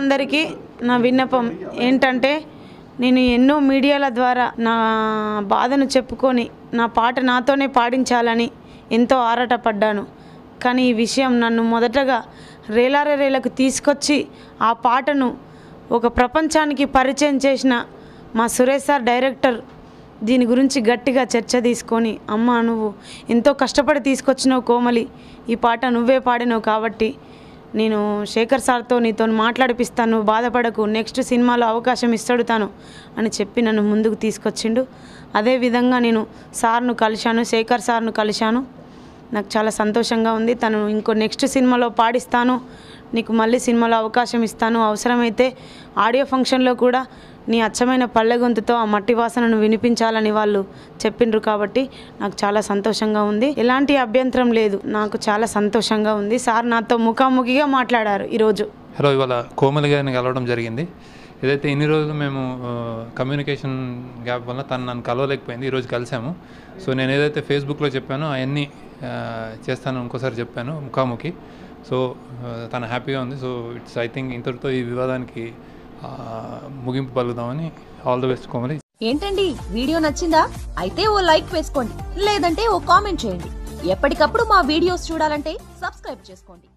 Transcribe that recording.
అందరికీ నా విన్నపం ఏంటంటే నేను ఎన్నో మీడియాల ద్వారా నా బాధను చెప్పుకొని నా పాట నాతోనే పాడించాలని ఎంతో ఆరాటపడ్డాను కానీ ఈ విషయం నన్ను మొదటగా రేలారేలకు తీసుకొచ్చి ఆ పాటను ఒక ప్రపంచానికి పరిచయం చేసిన మా సురేష్ సార్ డైరెక్టర్ దీని గురించి గట్టిగా చర్చ తీసుకొని అమ్మ నువ్వు ఎంతో కష్టపడి తీసుకొచ్చినావు కోమలి ఈ పాట నువ్వే పాడినావు కాబట్టి నేను శేఖర్ సార్తో నీతో మాట్లాడిపిస్తాను నువ్వు బాధపడకు నెక్స్ట్ సినిమాలో అవకాశం ఇస్తాడు తాను అని చెప్పి నన్ను ముందుకు తీసుకొచ్చిండు అదేవిధంగా నేను సార్ను కలిశాను శేఖర్ సార్ను కలిశాను నాకు చాలా సంతోషంగా ఉంది తను ఇంకో నెక్స్ట్ సినిమాలో పాడిస్తాను నీకు మళ్ళీ సినిమాలో అవకాశం ఇస్తాను అవసరమైతే ఆడియో ఫంక్షన్లో కూడా నీ అచ్చమైన పళ్ళె గొంతుతో ఆ మట్టి వాసనను వినిపించాలని వాళ్ళు చెప్పిండ్రు కాబట్టి నాకు చాలా సంతోషంగా ఉంది ఎలాంటి అభ్యంతరం లేదు నాకు చాలా సంతోషంగా ఉంది సార్ నాతో ముఖాముఖిగా మాట్లాడారు ఈరోజు హలో ఇవాళ కోమలి గారిని కలవడం జరిగింది ఏదైతే ఇన్ని రోజులు మేము కమ్యూనికేషన్ గ్యాప్ వల్ల తను నన్ను కలవలేకపోయింది ఈరోజు కలిసాము సో నేను ఏదైతే ఫేస్బుక్లో చెప్పానో అవన్నీ చేస్తాను ఇంకోసారి చెప్పాను ముఖాముఖి సో తను హ్యాపీగా ఉంది సో ఇట్స్ ఐ థింక్ ఇంతటితో ఈ వివాదానికి ముగింపు పలుకుదామని ఆల్ ద బెస్ట్ కోమలి ఏంటండి వీడియో నచ్చిందా అయితే ఓ లైక్ వేసుకోండి లేదంటే ఓ కామెంట్ చేయండి ఎప్పటికప్పుడు మా వీడియోస్ చూడాలంటే సబ్స్క్రైబ్ చేసుకోండి